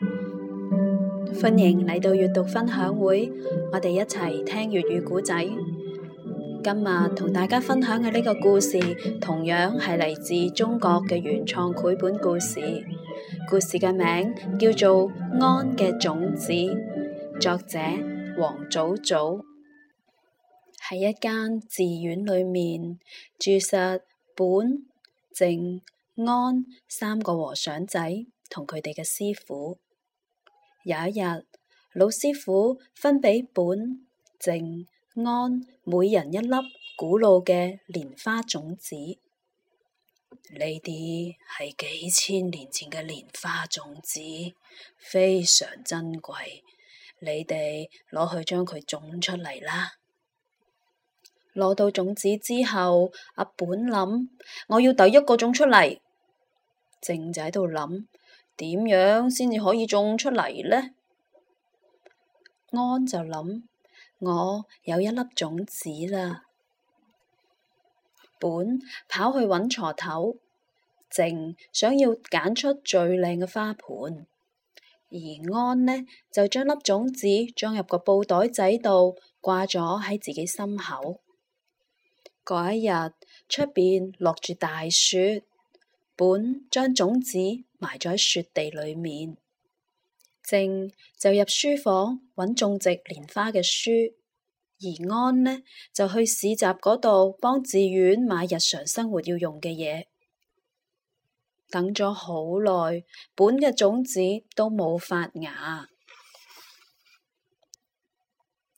歡迎嚟到閱讀分享會，我哋一齊聽粵語故仔。今日同大家分享嘅呢個故事，同樣係嚟自中國嘅原創繪本故事。故事嘅名叫做《安嘅種子》，作者王祖祖。喺一間寺院裏面，住實本、靜、安三個和尚仔同佢哋嘅師父。有一日，老師傅分俾本、靜、安每人一粒古老嘅蓮花種子。呢啲係幾千年前嘅蓮花種子，非常珍貴。你哋攞去將佢種出嚟啦。攞到種子之後，阿本諗，我要第一個種出嚟。靜仔喺度諗。點樣先至可以種出嚟呢？安就諗，我有一粒種子啦。本跑去揾鋤頭，靜想要揀出最靚嘅花盆，而安呢就將粒種子裝入個布袋仔度，掛咗喺自己心口。嗰一日，出邊落住大雪。本將種子埋咗喺雪地裏面，靜就入書房揾種植蓮花嘅書，而安呢就去市集嗰度幫寺院買日常生活要用嘅嘢。等咗好耐，本嘅種子都冇發芽，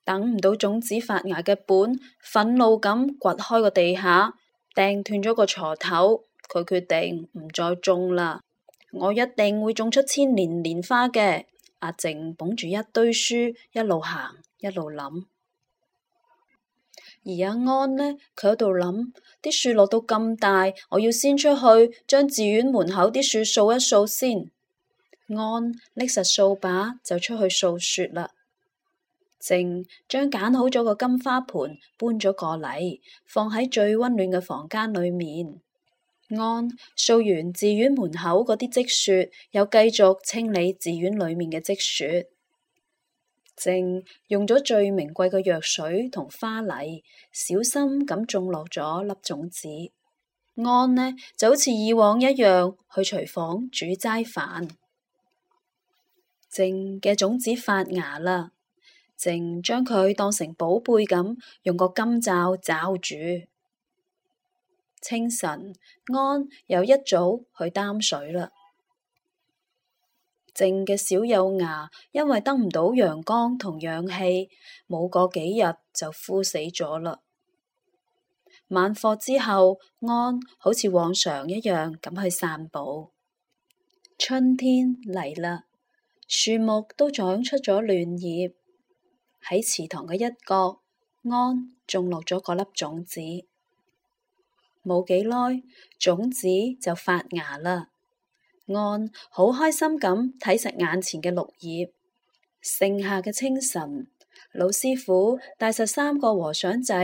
等唔到種子發芽嘅本，憤怒咁掘開個地下，掟斷咗個鋤頭。佢決定唔再種啦。我一定會種出千年蓮花嘅。阿、啊、靜捧住一堆書，一路行一路諗。而阿安呢？佢喺度諗啲樹落到咁大，我要先出去將寺院門口啲樹掃一掃先。安拎實掃把就出去掃雪啦。靜將揀好咗個金花盆搬咗過嚟，放喺最溫暖嘅房間裏面。安掃完寺院門口嗰啲積雪，又繼續清理寺院裏面嘅積雪。靜用咗最名貴嘅藥水同花泥，小心咁種落咗粒種子。安呢就好似以往一樣去廚房煮齋飯。靜嘅種子發芽啦，靜將佢當成寶貝咁，用個金罩罩住。清晨，安又一早去擔水啦。靜嘅小幼芽因為得唔到陽光同氧氣，冇過幾日就枯死咗啦。晚課之後，安好似往常一樣咁去散步。春天嚟啦，樹木都長出咗嫩葉。喺池塘嘅一角，安種落咗嗰粒種子。冇幾耐，種子就發芽啦。安好開心咁睇實眼前嘅綠葉。盛夏嘅清晨，老師傅帶實三個和尚仔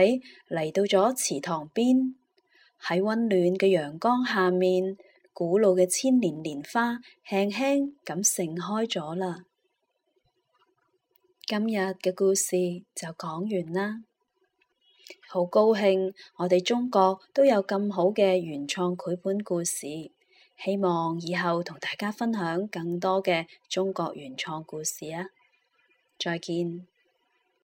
嚟到咗池塘邊，喺溫暖嘅陽光下面，古老嘅千年蓮花輕輕咁盛開咗啦。今日嘅故事就講完啦。好高興，我哋中國都有咁好嘅原創繪本故事，希望以後同大家分享更多嘅中國原創故事啊！再見。